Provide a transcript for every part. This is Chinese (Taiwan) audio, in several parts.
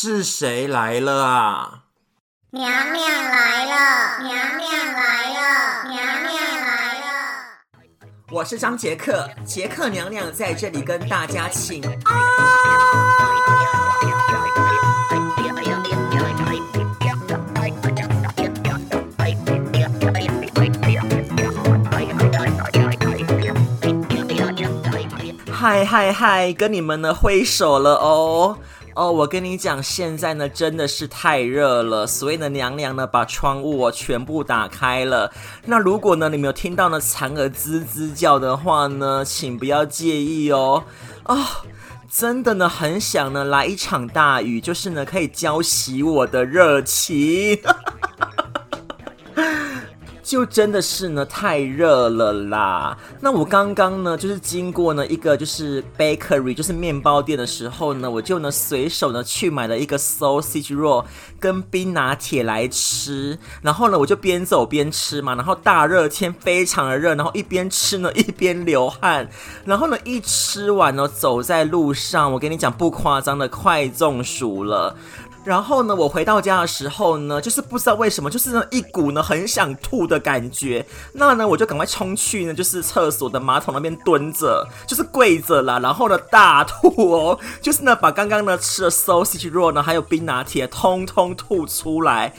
是誰來了啊？娘娘來了，娘娘來了，娘娘來了。我是張杰克，杰克娘娘在這裡跟大家請安。啊、嗨嗨嗨，跟你們呢揮手了哦。哦，我跟你講，現在呢真的是太熱了，所以呢娘娘呢把窗戶啊、哦、全部打開了。那如果呢你沒有聽到呢蟬兒吱吱叫的話呢，請不要介意哦。哦，真的呢很想呢來一場大雨，就是呢可以澆熄我的熱情。 就真的是呢，太熱了啦！那我剛剛呢，就是經過呢一個就是 bakery，就是麵包店的時候呢，我就呢隨手呢去買了一個 sausage roll 跟冰拿鐵來吃。然後呢，我就邊走邊吃嘛，然後大熱天非常的熱，然後一邊吃呢一邊流汗，然後呢一吃完呢，走在路上，我跟你講，不誇張的快中暑了。然後呢，我回到家的時候呢，就是不知道為什麼，就是那一股呢很想吐的感覺。那呢，我就趕快衝去呢，就是廁所的馬桶那邊蹲着，就是跪着啦。然後呢，大吐哦，就是呢把剛剛呢吃的 sausage roll 呢，還有冰拿鐵，通通吐出來。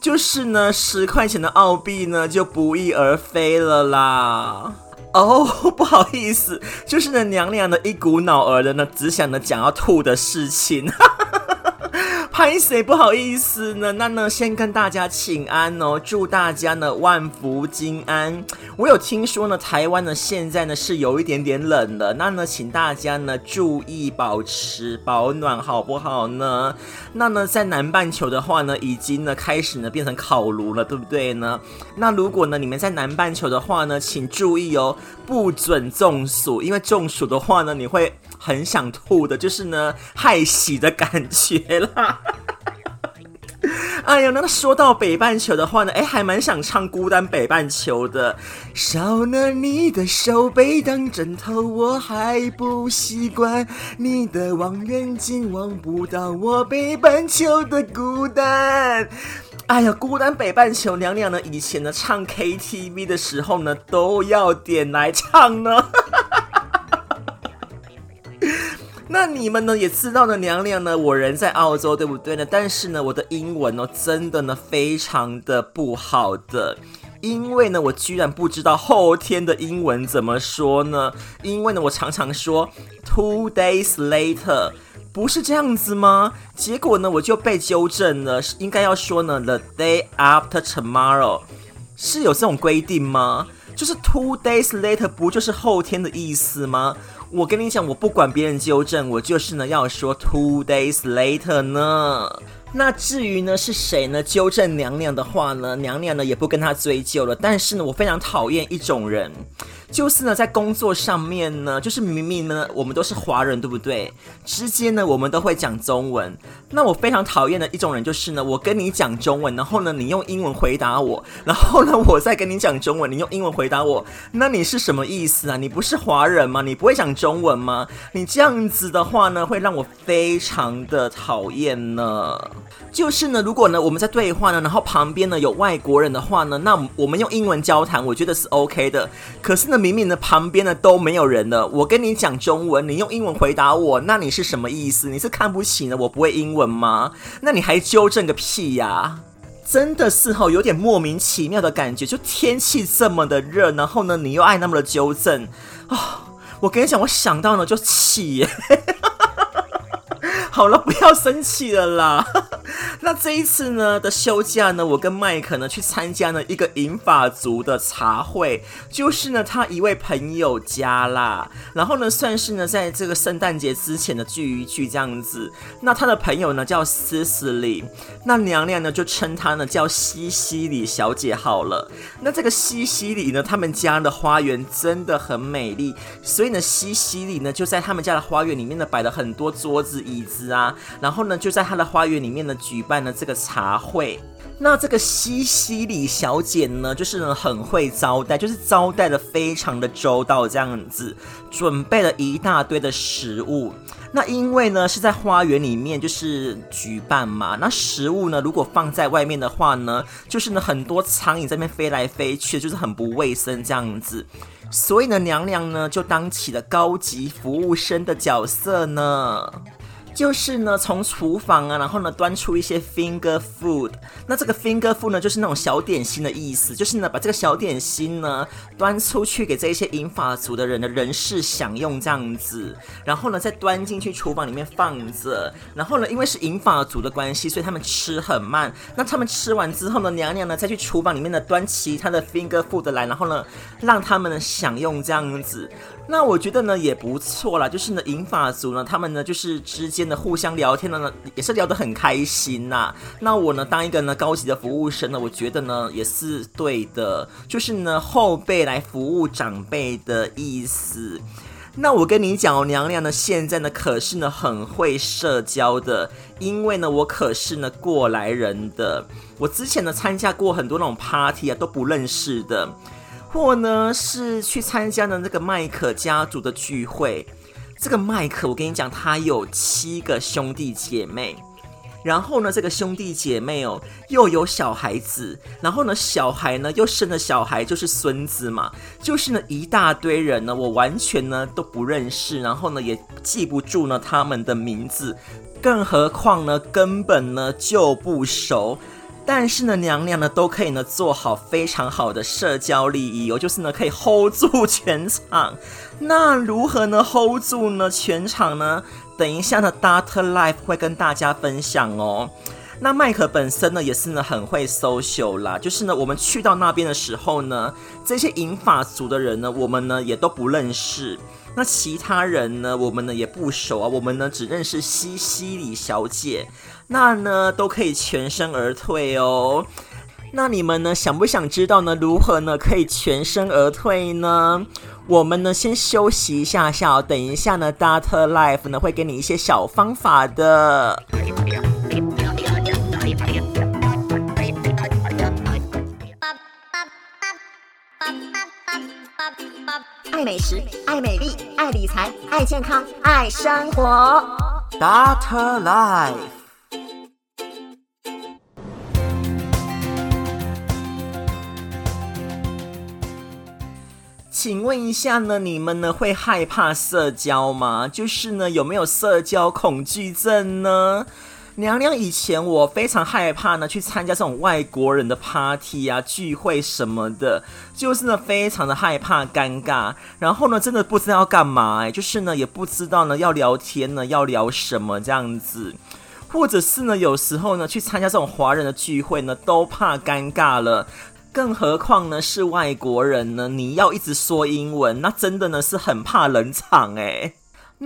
就是呢，十塊錢的澳幣呢就不翼而飛了啦。哦，不好意思，就是呢娘娘的一股腦兒的呢，只想呢講要吐的事情。拍誰不好意思呢？那呢，先跟大家請安哦，祝大家呢萬福金安。我有聽說呢，台灣呢現在呢是有一點點冷了。那呢，請大家呢注意保持保暖，好不好呢？那呢，在南半球的話呢，已經呢開始呢變成烤爐了，對不對呢？那如果呢你們在南半球的話呢，請注意哦。不准中暑，因為中暑的話呢，你會很想吐的，就是呢，害喜的感覺啦。 哎呀，那個、說到北半球的話呢，哎，還蠻想唱《孤單北半球》的。少了你的手背當枕頭，我還不習慣。你的望遠鏡望不到我北半球的孤單。哎呀，孤單北半球，娘娘呢，以前呢唱 KTV 的時候呢，都要點來唱呢。 那你們呢也知道的，娘娘呢，我人在澳洲，對不對呢？但是呢，我的英文呢，真的呢非常的不好的，因為呢，我居然不知道後天的英文怎麼說呢？因為呢，我常常說 Two days later。不是這樣子嗎？結果呢，我就被糾正了。應該要說呢，The day after tomorrow，是有這種規定嗎？就是 two days later，不就是後天的意思嗎？我跟你講，我不管別人糾正，我就是呢要說 two days later 呢。那至於呢是誰呢糾正娘娘的話呢？娘娘呢也不跟她追究了。但是呢，我非常討厭一種人，就是呢在工作上面呢，就是明明呢我們都是華人，對不對？之間呢我們都會講中文。那我非常討厭的一種人就是呢，我跟你講中文，然後呢你用英文回答我，然後呢我再跟你講中文，你用英文回答我，那你是什麼意思啊？你不是華人嗎？你不會講中文嗎？你這樣子的話呢，會讓我非常的討厭呢。就是呢，如果呢我們在對話呢，然後旁邊呢有外國人的話呢，那我們用英文交談，我覺得是 OK 的。可是呢，明明呢旁邊呢都沒有人了，我跟你講中文，你用英文回答我，那你是什麼意思？你是看不起呢我不會英文嗎？那你還糾正個屁呀、啊！真的是吼、哦，有點莫名其妙的感覺。就天氣這麼的熱，然後呢你又愛那麼的糾正哦，我跟你講，我想到呢就氣耶。 好了，不要生氣了啦。 那這一次呢的休假呢，我跟麥克呢去參加了一個銀髮族的茶會，就是呢他一位朋友家啦。然後呢，算是呢在這個聖誕節之前呢聚一聚這樣子。那他的朋友呢叫西西里，那娘娘呢就稱她呢叫西西里小姐好了。那這個西西里呢，他們家的花園真的很美麗，所以呢西西里呢就在他們家的花園裡面呢擺了很多桌子椅子。啊，然後呢，就在他的花園裡面呢，舉辦了這個茶會。那這個西西里小姐呢，就是呢很會招待，就是招待的非常的周到，這樣子，準備了一大堆的食物。那因為呢是在花園裡面就是舉辦嘛，那食物呢如果放在外面的話呢，就是呢很多蒼蠅在那邊飛來飛去，就是很不衛生這樣子。所以呢，娘娘呢就當起了高級服務生的角色呢。就是呢，從廚房啊，然後呢端出一些 finger food。那這個 finger food 呢，就是那種小點心的意思，就是呢把這個小點心呢端出去給這一些銀髮族的人的人士享用這樣子。然後呢再端進去廚房裡面放着。然後呢因為是銀髮族的關係，所以他們吃很慢。那他們吃完之後呢，娘娘呢再去廚房裡面呢端其他的 finger food 來，然後呢讓他們呢享用這樣子。那我覺得呢也不錯啦，就是呢銀髮族呢他們呢就是直接。互相聊天呢，也是聊得很開心吶、啊。那我呢，當一個呢高級的服務生呢，我覺得呢也是對的，就是呢後輩來服務長輩的意思。那我跟你講我娘娘呢現在呢可是呢很會社交的，因為呢我可是呢過來人的，我之前呢參加過很多那種 party 啊都不認識的，或呢是去參加呢那個麥克家族的聚會。這個麥克，我跟你講，他有七個兄弟姐妹，然後呢，這個兄弟姐妹哦，又有小孩子，然後呢，小孩呢又生了小孩，就是孫子嘛，就是呢一大堆人呢，我完全呢都不認識，然後呢也記不住呢他們的名字，更何況呢根本呢就不熟。但是呢，娘娘呢都可以呢做好非常好的社交禮儀，哦。就是呢可以 hold 住全場。那如何呢 hold 住呢全場呢？等一下呢 Dr. Life 會跟大家分享哦。那麥克本身呢也是呢很會 social 啦，就是呢我們去到那邊的時候呢，這些銀髮族的人呢，我們呢也都不認識。那其他人呢？我們呢也不熟啊。我們呢只認識西西里小姐。那呢都可以全身而退哦。那你們呢想不想知道呢如何呢可以全身而退呢？我們呢先休息一下下哦，等一下呢，Dr. Life 呢會給你一些小方法的。理愛健康，愛生活。Dr. Life，請問一下呢，你們呢會害怕社交嗎？就是呢，有沒有社交恐懼症呢？娘娘以前我非常害怕呢，去參加這種外國人的 party 啊，聚會什麼的，就是呢非常的害怕尷尬，然後呢真的不知道要幹嘛誒、欸、就是呢也不知道呢要聊天呢要聊什麼這樣子，或者是呢有時候呢去參加這種華人的聚會呢都怕尷尬了，更何況呢是外國人呢，你要一直說英文，那真的呢是很怕冷場誒、欸。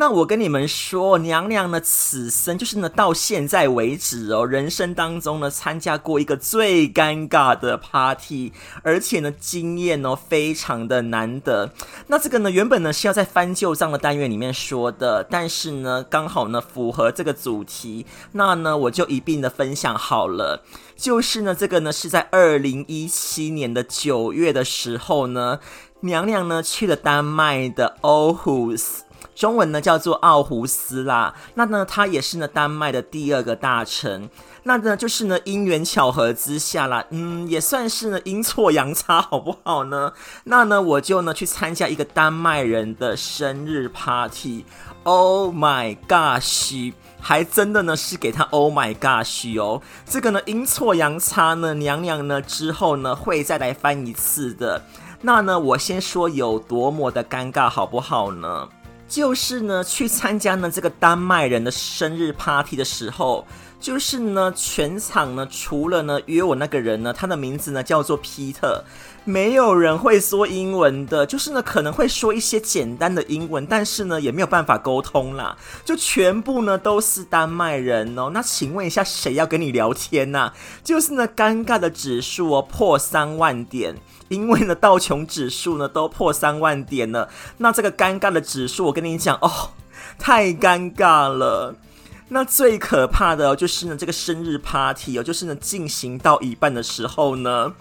那我跟你們說，娘娘呢，此生就是呢，到現在為止哦，人生當中呢，參加過一個最尷尬的 party，而且呢，經驗哦，非常的難得。那這個呢，原本呢是要在翻舊賬的單元裡面說的，但是呢，剛好呢符合這個主題，那呢我就一併的分享好了。就是呢，這個呢是在二零一七年的九月的時候呢，娘娘呢去了丹麥的奧胡斯。中文呢叫做奧胡斯啦，那呢他也是呢丹麥的第二個大城，那呢就是呢因緣巧合之下啦，嗯也算是呢陰錯陽差好不好呢？那呢我就呢去參加一個丹麥人的生日 party，Oh my gosh，還真的呢是給他 Oh my gosh 哦，這個呢陰錯陽差呢，娘娘呢之後呢會再來翻一次的，那呢我先說有多麼的尷尬好不好呢？就是呢，去參加呢這個丹麥人的生日 party 的時候，就是呢，全場呢，除了呢約我那個人呢，他的名字呢叫做 Peter，沒有人會說英文的，就是呢可能會說一些簡單的英文，但是呢也沒有辦法溝通啦，就全部呢都是丹麥人哦、喔。那請問一下，誰要跟你聊天吶、啊？就是呢，尷尬的指數哦、喔，破三萬點。因為呢，道瓊指數呢都破三萬點了，那這個尷尬的指數，我跟你講哦，太尷尬了。那最可怕的哦，就是呢，這個生日 party 哦，就是呢進行到一半的時候呢，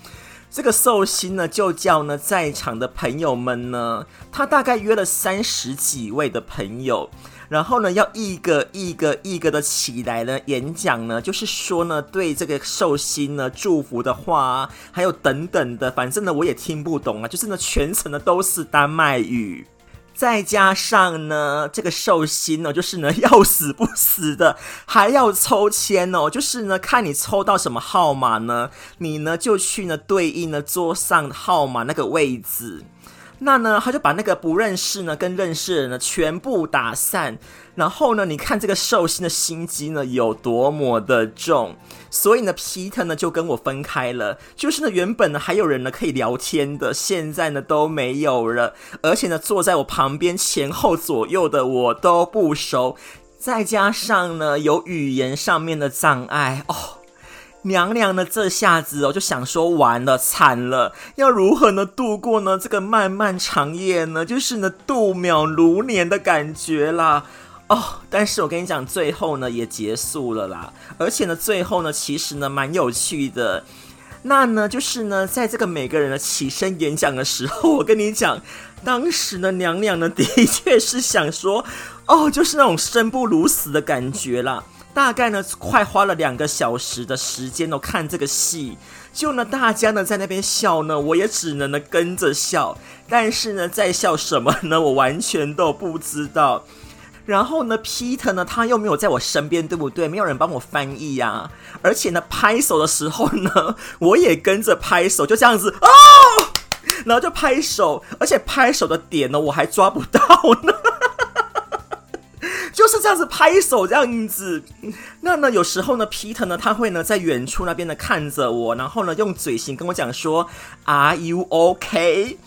這個壽星呢就叫呢在場的朋友們呢，他大概約了三十幾位的朋友。然後呢，要一個一個一個的起來呢，演講呢，就是說呢，對這個壽星呢祝福的話，還有等等的，反正呢我也聽不懂啊，就是呢全程呢都是丹麥語，再加上呢這個壽星呢，就是呢要死不死的，還要抽籤哦，就是呢看你抽到什麼號碼呢，你呢就去呢對應呢桌上號碼那個位置。那呢，他就把那個不認識呢跟認識的人呢全部打散，然後呢，你看這個壽星的心機呢有多麼的重，所以呢，皮特呢就跟我分開了。就是呢，原本呢還有人呢可以聊天的，現在呢都沒有了，而且呢，坐在我旁邊前後左右的我都不熟，再加上呢有語言上面的障礙哦。娘娘呢，這下子哦，就想說，完了，慘了，要如何呢度過呢？這個漫漫長夜呢，就是呢度秒如年的感覺啦。哦，但是我跟你講，最後呢也結束了啦。而且呢，最後呢其實呢蠻有趣的。那呢就是呢，在這個每個人的起身演講的時候，我跟你講，當時呢娘娘呢的確是想說，哦，就是那種生不如死的感覺啦。大概呢，快花了兩個小時的時間哦，看這個戲，就呢，大家呢在那邊笑呢，我也只能呢跟着笑，但是呢，在笑什麼呢？我完全都不知道。然後呢，Peter 呢，他又沒有在我身邊，對不對？沒有人幫我翻譯呀。而且呢，拍手的時候呢，我也跟着拍手，就這樣子哦，然後就拍手，而且拍手的點呢，我還抓不到呢。就是這樣子拍手，這樣子。那呢，有時候呢，皮特呢，他會呢在遠處那邊呢看着我，然後呢用嘴型跟我講說，Are you OK？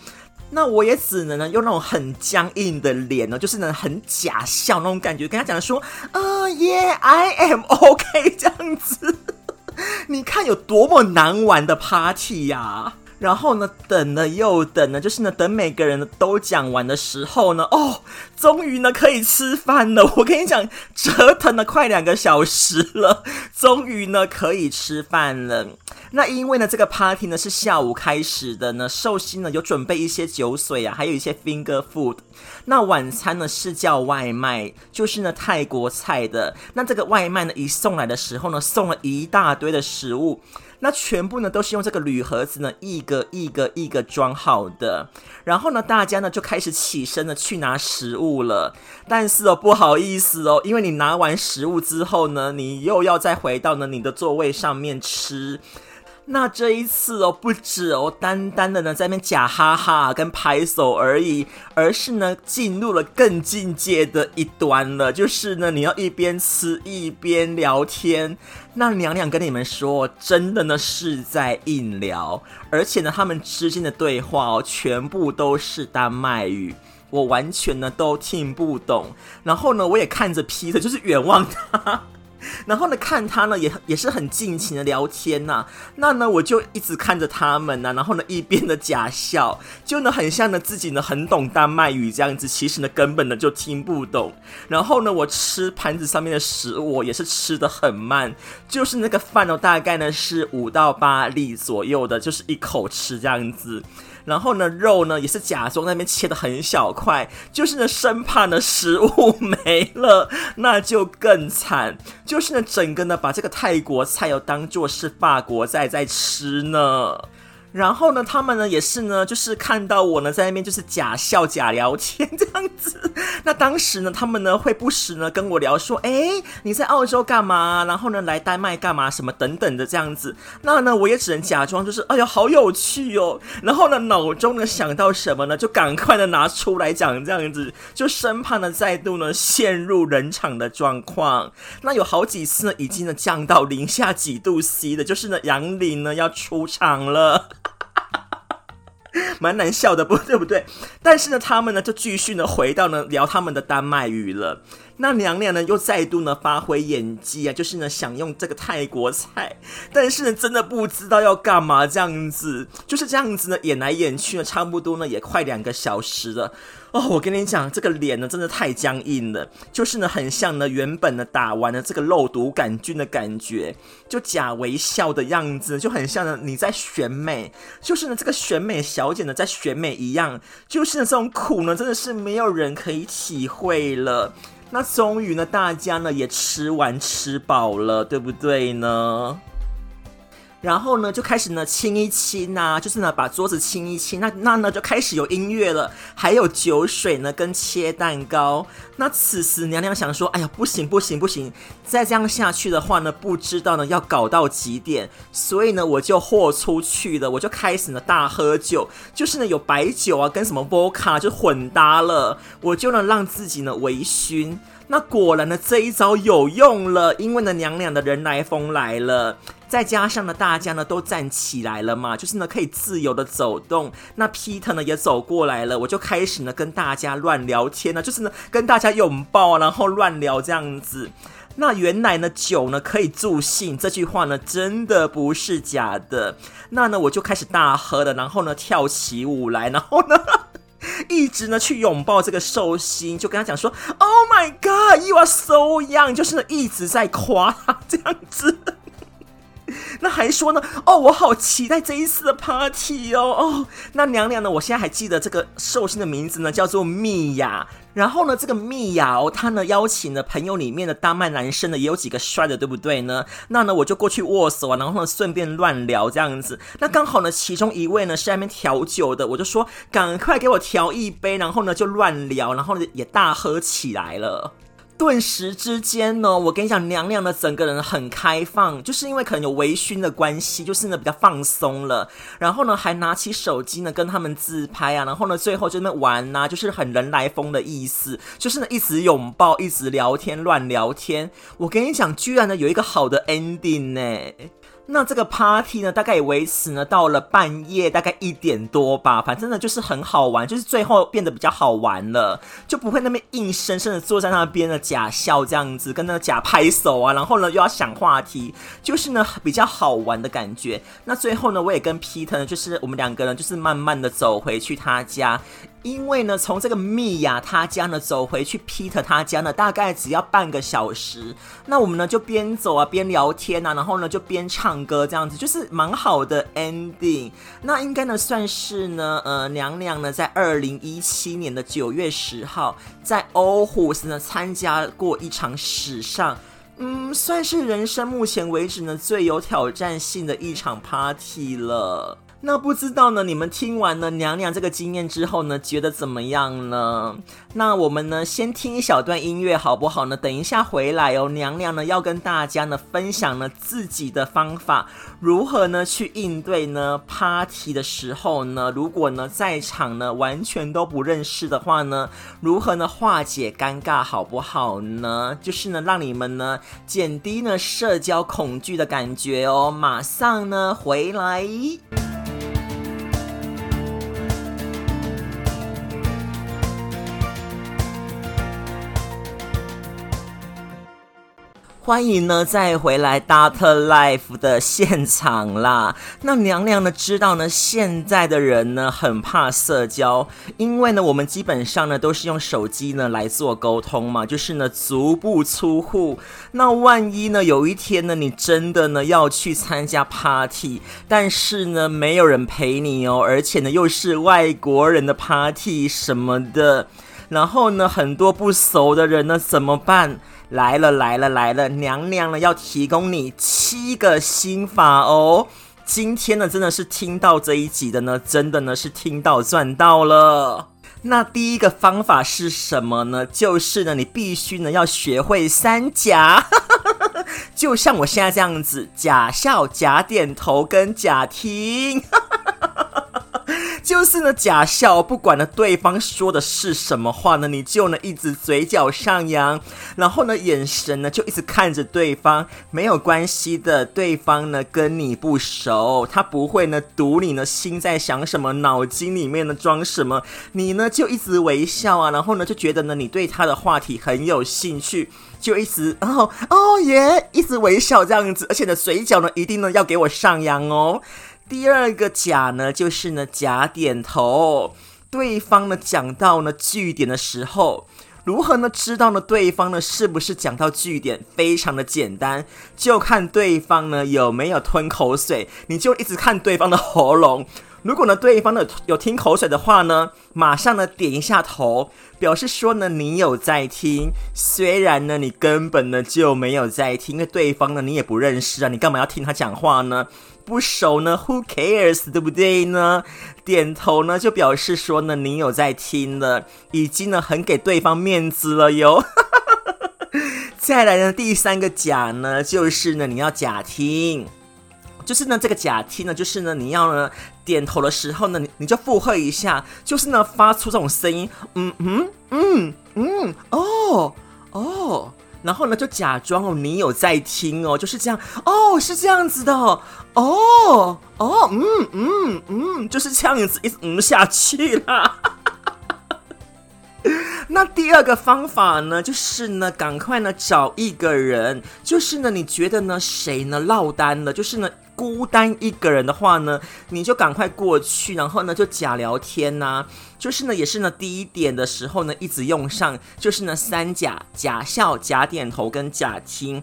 那我也只能呢用那種很僵硬的臉呢，就是呢很假笑那種感覺，跟他講的說，啊、uh，Yeah，I am OK，這樣子。 你看有多麼難玩的 Party 呀、啊！然後呢，等了又等呢，就是呢，等每個人都講完的時候呢，哦，終於呢可以吃飯了。我跟你講，折騰了快兩個小時了，終於呢可以吃飯了。那因為呢，這個 party 呢是下午開始的呢，壽星呢有準備一些酒水啊，還有一些 finger food。那晚餐呢是叫外賣，就是呢泰國菜的。那這個外賣呢一送來的時候呢，送了一大堆的食物。那全部呢，都是用這個鋁盒子呢，一個一個一個裝好的。然後呢，大家呢就開始起身呢去拿食物了。但是哦，不好意思哦，因為你拿完食物之後呢，你又要再回到呢你的座位上面吃。那這一次哦，不止哦，單單的呢在那邊假哈哈跟拍手而已，而是呢進入了更境界的一端了，就是呢你要一邊吃一邊聊天。那娘娘跟你們說，真的呢是在硬聊，而且呢他們之間的對話哦，全部都是丹麥語，我完全呢都聽不懂。然後呢我也看着 Peter 就是遠望他。然後呢，看他呢也也是很盡情的聊天吶、啊，那呢我就一直看着他們吶、啊，然後呢一邊的假笑，就呢很像呢自己呢很懂丹麥語這樣子，其實呢根本呢就聽不懂。然後呢我吃盤子上面的食物，哦、也是吃得很慢，就是那個飯呢、哦、大概呢是五到八粒左右的，就是一口吃這樣子。然後呢，肉呢也是假裝在那邊切得很小塊，就是呢生怕呢食物沒了，那就更慘，就是呢整個呢把這個泰國菜又、哦、當做是法國菜在吃呢。然後呢，他們呢也是呢，就是看到我呢在那邊就是假笑假聊天這樣子。那當時呢，他們呢會不時呢跟我聊說，哎，你在澳洲幹嘛？然後呢來丹麥幹嘛？什麼等等的這樣子。那呢我也只能假裝就是，哎呀，好有趣哦。然後呢腦中呢想到什麼呢，就趕快的拿出來講這樣子，就生怕呢再度呢陷入冷場的狀況。那有好幾次呢已經呢降到零下幾度 C 了，就是呢楊林呢要出場了。蠻難笑的，不對不對，但是呢，他們呢就繼續呢回到呢聊他們的丹麥語了。那娘娘呢又再度呢發揮演技啊，就是呢想用這個泰國菜，但是呢真的不知道要幹嘛這樣子，就是這樣子呢演來演去呢，差不多呢也快兩個小時了哦，我跟你講，這個臉呢真的太僵硬了，就是呢很像呢原本呢打完了這個肉毒桿菌的感覺，就假微笑的樣子，就很像呢你在選美，就是呢這個選美小姐呢在選美一樣，就是呢這種苦呢真的是沒有人可以體會了。那終於呢，大家呢也吃完吃飽了，對不對呢？然後呢，就開始呢清一清吶、啊，就是呢把桌子清一清。那那呢就開始有音樂了，還有酒水呢跟切蛋糕。那此時娘娘想說：“哎呀，不行不行不行！再這樣下去的話呢，不知道呢要搞到幾點。”所以呢，我就豁出去了，我就開始呢大喝酒，就是呢有白酒啊跟什麼 vodka 就混搭了，我就能讓自己呢微醺。那果然呢這一招有用了，因為呢娘娘的人來瘋來了。再加上呢，大家呢都站起來了嘛，就是呢可以自由的走動。那 Peter 呢也走過來了，我就開始呢跟大家亂聊天呢，就是呢跟大家擁抱，然後亂聊這樣子。那原來呢酒呢可以助興，這句話呢真的不是假的。那呢我就開始大喝了，然後呢跳起舞來，然後呢一直呢去擁抱這個壽星，就跟他講說：“Oh my God, you are so young！” 就是呢一直在誇他這樣子。那還說呢哦，我好期待這一次的 party 哦哦。那娘娘呢？我現在還記得這個壽星的名字呢，叫做蜜雅。然後呢，這個蜜雅、哦、她呢邀請了朋友裡面的丹麥男生呢，也有幾個帥的，對不對呢？那呢我就過去握手啊，然後呢順便亂聊這樣子。那剛好呢，其中一位呢是在那邊調酒的，我就說趕快給我調一杯，然後呢就亂聊，然後呢也大喝起來了。頓時之間呢，我跟你講，娘娘呢整個人很開放，就是因為可能有微醺的關係，就是呢比較放鬆了。然後呢，還拿起手機呢跟他們自拍啊，然後呢最後就那玩吶、啊，就是很人來瘋的意思，就是呢一直擁抱，一直聊天，亂聊天。我跟你講，居然呢有一個好的 ending 呢、欸。那這個 party 呢，大概也維持呢到了半夜，大概一點多吧。反正呢就是很好玩，就是最後變得比較好玩了，就不會那麼硬生生的坐在那邊的假笑這樣子，跟那個假拍手啊，然後呢又要想話題，就是呢比較好玩的感覺。那最後呢，我也跟 Peter 呢就是我們兩個人就是慢慢的走回去他家。因為呢，從這個蜜雅他家呢走回去，Peter 他家呢大概只要半個小時。那我們呢就邊走啊邊聊天啊，然後呢就邊唱歌這樣子，就是蠻好的 ending。那應該呢算是呢，呃，娘娘呢在二零一七年的九月十號在 Aarhus 呢參加過一場史上，嗯，算是人生目前為止呢最有挑戰性的一場 party 了。那不知道呢，你們聽完了娘娘這個經驗之後呢，覺得怎麼樣呢？那我們呢，先聽一小段音樂好不好呢？等一下回來哦，娘娘呢要跟大家呢分享呢自己的方法，如何呢去應對呢 party 的時候呢，如果呢在場呢完全都不認識的話呢，如何呢化解尷尬好不好呢？就是呢讓你們呢減低呢社交恐懼的感覺哦，馬上呢回來。歡迎呢，再回來《Dr. Life》的現場啦。那娘娘呢知道呢，現在的人呢很怕社交，因為呢我們基本上呢都是用手機呢來做溝通嘛，就是呢足不出戶。那萬一呢有一天呢你真的呢要去參加 party，但是呢沒有人陪你哦，而且呢又是外國人的 party 什麼的，然後呢很多不熟的人呢怎麼辦？來了來了來了，娘娘呢要提供你七個心法哦。今天呢真的是聽到這一集的呢，真的呢是聽到賺到了。那第一個方法是什麼呢？就是呢你必須呢要學會三假， 就像我現在這樣子，假笑、假點頭跟假聽。 就是呢，假笑、哦，不管呢對方說的是什麼話呢，你就呢一直嘴角上揚，然後呢，眼神呢就一直看着對方，沒有關係的，對方呢跟你不熟，他不會呢讀你呢心在想什麼，腦筋裡面呢裝什麼，你呢就一直微笑啊，然後呢就覺得呢你對他的話題很有興趣，就一直，然後哦耶，一直微笑這樣子，而且呢嘴角呢一定呢要給我上揚哦。第二個假呢，就是呢假點頭。對方呢講到呢句點的時候，如何呢知道呢對方呢是不是講到句點？非常的簡單，就看對方呢有沒有吞口水。你就一直看對方的喉嚨。如果呢對方呢有有吞口水的話呢，馬上呢點一下頭，表示說呢你有在聽。雖然呢你根本呢就沒有在聽，因為對方呢你也不認識啊，你幹嘛要聽他講話呢？不熟呢？Who cares？對不對呢？點頭呢，就表示說呢，你有在聽的，已經呢，很給對方面子了喲。 再來呢，第三個假呢，就是呢，你要假聽，就是呢，這個假聽呢，就是呢，你要呢，點頭的時候呢，你你就附和一下，就是呢，發出這種聲音，嗯嗯嗯嗯，哦哦。然後呢，就假裝哦，你有在聽哦，就是這樣哦，是這樣子的哦，哦哦，嗯嗯嗯，就是這樣子，一直嗯下去啦。 那第二個方法呢，就是呢，趕快呢，找一個人，就是呢，你覺得呢，誰呢落單了，就是呢。孤單一個人的話呢，你就趕快過去，然後呢就假聊天吶、啊，就是呢也是呢第一點的時候呢一直用上，就是呢三假：假笑、假點頭跟假聽。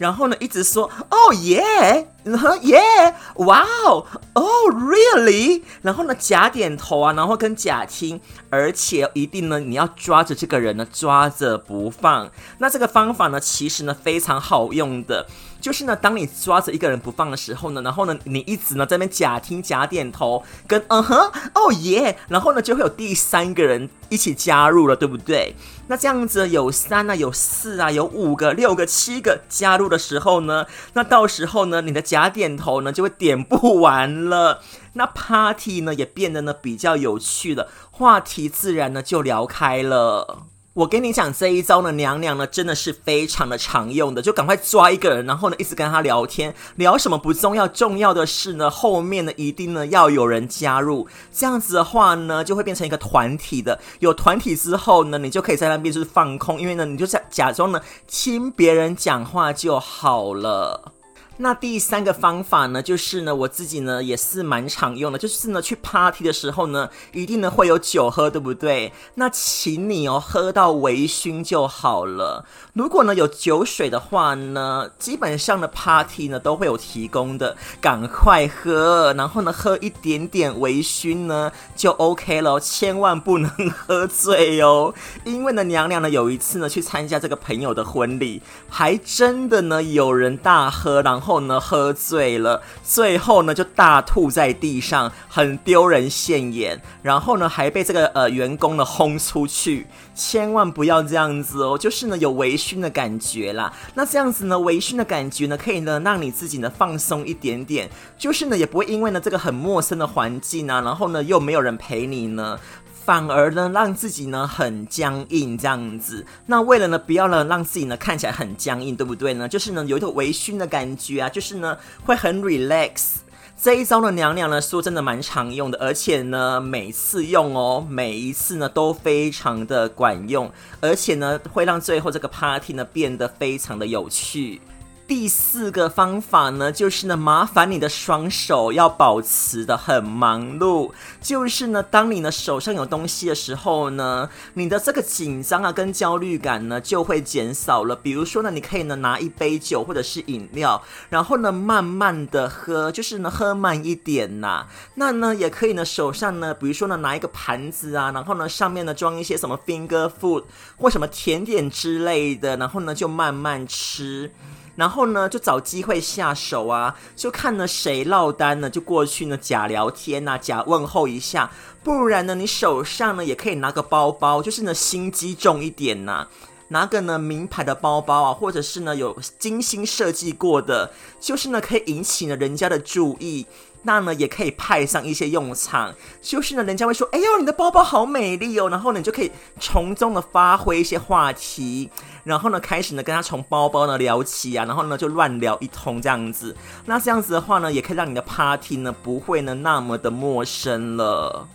然後呢，一直說哦耶，嗯哼耶，哇哦，哦 really，然後呢假點頭啊，然後跟假聽，而且一定呢，你要抓着這個人呢抓着不放。那這個方法呢，其實呢非常好用的，就是呢，當你抓着一個人不放的時候呢，然後呢，你一直呢在那邊假聽假點頭，跟嗯哼哦耶，uh -huh, oh, yeah! 然後呢就會有第三個人一起加入了，對不對？那這樣子有三啊，有四啊，有五個、六個、七個加入的時候呢，那到時候呢，你的假點頭呢就會點不完了，那 party 呢也變得呢比較有趣了，話題自然呢就聊開了。我跟你講這一招呢，娘娘呢真的是非常的常用的，就趕快抓一個人，然後呢一直跟他聊天，聊什麼不重要，重要的是呢後面呢一定呢要有人加入，這樣子的話呢就會變成一個團體的，有團體之後呢你就可以在那邊就是放空，因為呢你就在假裝呢聽別人講話就好了。那第三個方法呢，就是呢，我自己呢也是蠻常用的，就是呢，去 party 的時候呢，一定呢會有酒喝，對不對？那請你哦，喝到微醺就好了。如果呢有酒水的話呢，基本上的 party 呢都會有提供的，趕快喝，然後呢喝一點點微醺呢就 OK 了，千萬不能喝醉哦，因為呢，娘娘呢有一次呢去參加這個朋友的婚禮，還真的呢有人大喝，然後。然後呢，喝醉了，最後呢就大吐在地上，很丟人現眼。然後呢，還被這個呃員工呢轟出去。千萬不要這樣子哦，就是呢有微醺的感覺啦。那這樣子呢，微醺的感覺呢，可以呢讓你自己呢放鬆一點點，就是呢也不會因為呢這個很陌生的環境啊，然後呢又沒有人陪你呢。反而呢，讓自己呢很僵硬這樣子。那為了呢，不要呢讓自己呢看起來很僵硬，對不對呢？就是呢有一種微醺的感覺啊，就是呢會很 relax。這一招呢，娘娘呢，說真的蠻常用的，而且呢每次用哦，每一次呢都非常的管用，而且呢會讓最後這個 party 呢變得非常的有趣。第四個方法呢，就是呢，麻煩你的雙手要保持得很忙碌，就是呢，當你呢手上有東西的時候呢，你的這個緊張啊跟焦慮感呢就會減少了。比如說呢，你可以呢拿一杯酒或者是飲料，然後呢慢慢的喝，就是呢喝慢一點吶。那呢也可以呢手上呢，比如說呢拿一個盤子啊，然後呢上面呢裝一些什麼 finger food 或什麼甜點之類的，然後呢就慢慢吃。然後呢，就找機會下手啊！就看了誰落單呢？就過去呢假聊天吶、啊，假問候一下。不然呢，你手上呢也可以拿個包包，就是呢心機重一點吶、啊，拿個呢名牌的包包啊，或者是呢有精心設計過的，就是呢可以引起呢人家的注意。那呢也可以派上一些用場，就是呢人家會說，哎呦你的包包好美麗哦，然後呢你就可以從中的發揮一些話題，然後呢開始呢跟他從包包呢聊起啊，然後呢就亂聊一通這樣子，那這樣子的話呢也可以讓你的 party 呢不會呢那麼的陌生了。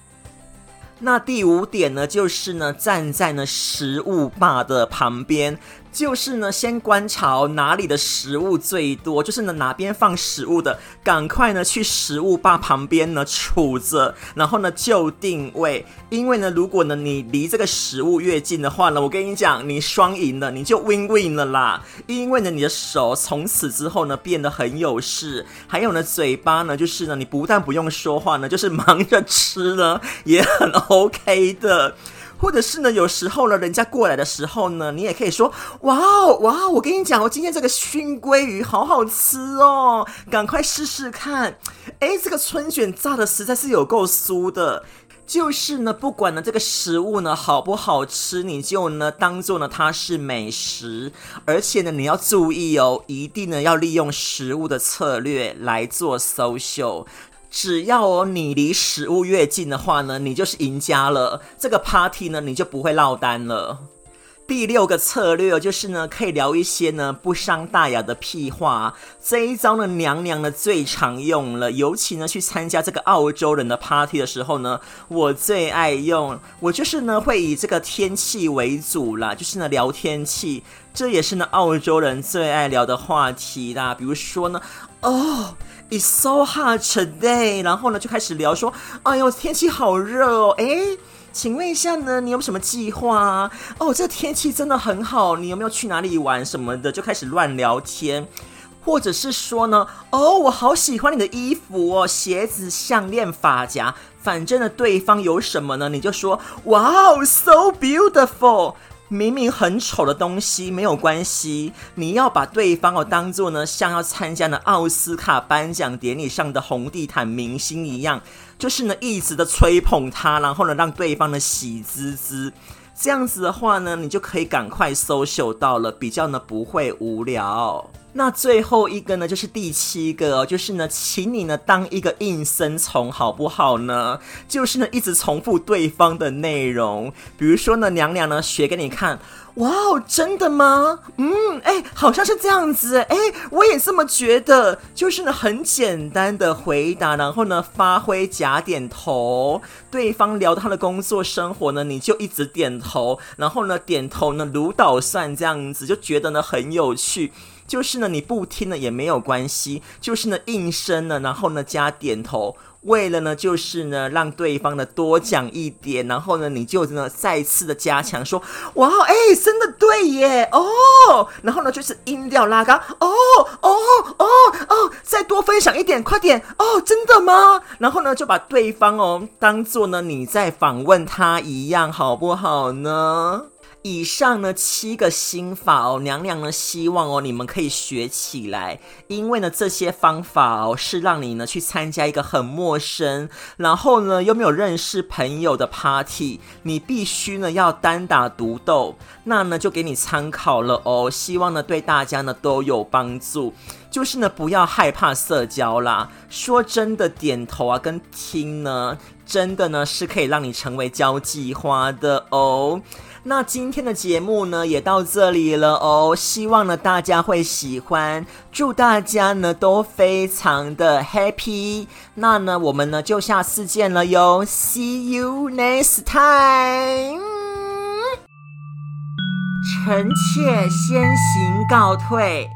那第五點呢就是呢站在呢食物吧的旁邊。就是呢，先觀察哪裡的食物最多，就是呢哪邊放食物的，趕快呢去食物吧旁邊呢杵着，然後呢就定位，因為呢如果呢你離這個食物越近的話呢，我跟你講，你雙贏了，你就 win win 了啦，因為呢你的手從此之後呢變得很有事，還有呢嘴巴呢就是呢你不但不用說話呢，就是忙着吃呢，也很 OK 的。或者是呢，有時候呢，人家過來的時候呢，你也可以說：“哇哦，哇哦，我跟你講哦，我今天這個熏鮭魚好好吃哦，趕快試試看。”哎，這個春捲炸得實在是有夠酥的。就是呢，不管呢這個食物呢好不好吃，你就呢當做呢它是美食。而且呢，你要注意哦，一定呢要利用食物的策略來做 social。只要哦，你離食物越近的話呢，你就是贏家了。這個 party 呢，你就不會落單了。第六個策略就是呢，可以聊一些呢不傷大雅的屁話。這一招呢，娘娘呢最常用了，尤其呢去參加這個澳洲人的 party 的時候呢，我最愛用。我就是呢會以這個天氣為主啦，就是呢聊天氣，這也是呢澳洲人最愛聊的話題啦。比如說呢，哦，it's so hot today，然後呢就開始聊說，哎呦，天氣好熱哦，誒。請問一下呢，你有什麼計劃啊？哦，這天氣真的很好，你有沒有去哪裡玩什麼的？就開始亂聊天，或者是說呢，哦，我好喜歡你的衣服哦，鞋子、項鏈、髮夾，反正呢，對方有什麼呢，你就說，Wow, so beautiful！明明很醜的東西沒有關係，你要把對方哦當做呢，像要參加的奧斯卡頒獎典禮上的紅地毯明星一樣。就是呢，一直的吹捧他，然後呢，讓對方呢喜滋滋，這樣子的話呢，你就可以趕快 social 到了，比較呢不會無聊。那最後一個呢，就是第七個哦，就是呢，請你呢當一個應聲蟲，好不好呢？就是呢一直重複對方的內容，比如說呢，娘娘呢學給你看。哇哦，真的嗎？嗯，誒、欸，好像是這樣子。誒、欸，我也這麼覺得。就是呢，很簡單的回答，然後呢，發揮假點頭。對方聊到他的工作生活呢，你就一直點頭，然後呢，點頭呢，如搗蒜這樣子，就覺得呢很有趣。就是呢，你不聽呢也沒有關係，就是呢應聲呢，然後呢加點頭。為了呢，就是呢，讓對方呢多講一點，然後呢，你就呢再次的加強說，哇，哎、欸，真的對耶，哦，然後呢就是音調拉高，哦，哦，哦，哦，哦，再多分享一點，快點，哦，真的嗎？然後呢就把對方哦當做呢你在訪問他一樣，好不好呢？以上呢七個心法哦，娘娘呢希望哦你們可以學起來，因為呢這些方法哦是讓你呢去參加一個很陌生，然後呢又沒有認識朋友的 party，你必須呢要單打獨鬥，那呢就給你參考了哦，希望呢對大家呢都有幫助，就是呢不要害怕社交啦，說真的點頭啊跟聽呢，真的呢是可以讓你成為交際花的哦。那今天的節目呢，也到這裡了哦。希望呢大家會喜歡，祝大家呢都非常的 happy。那呢我們呢就下次見了喲，See you next time！臣妾先行告退。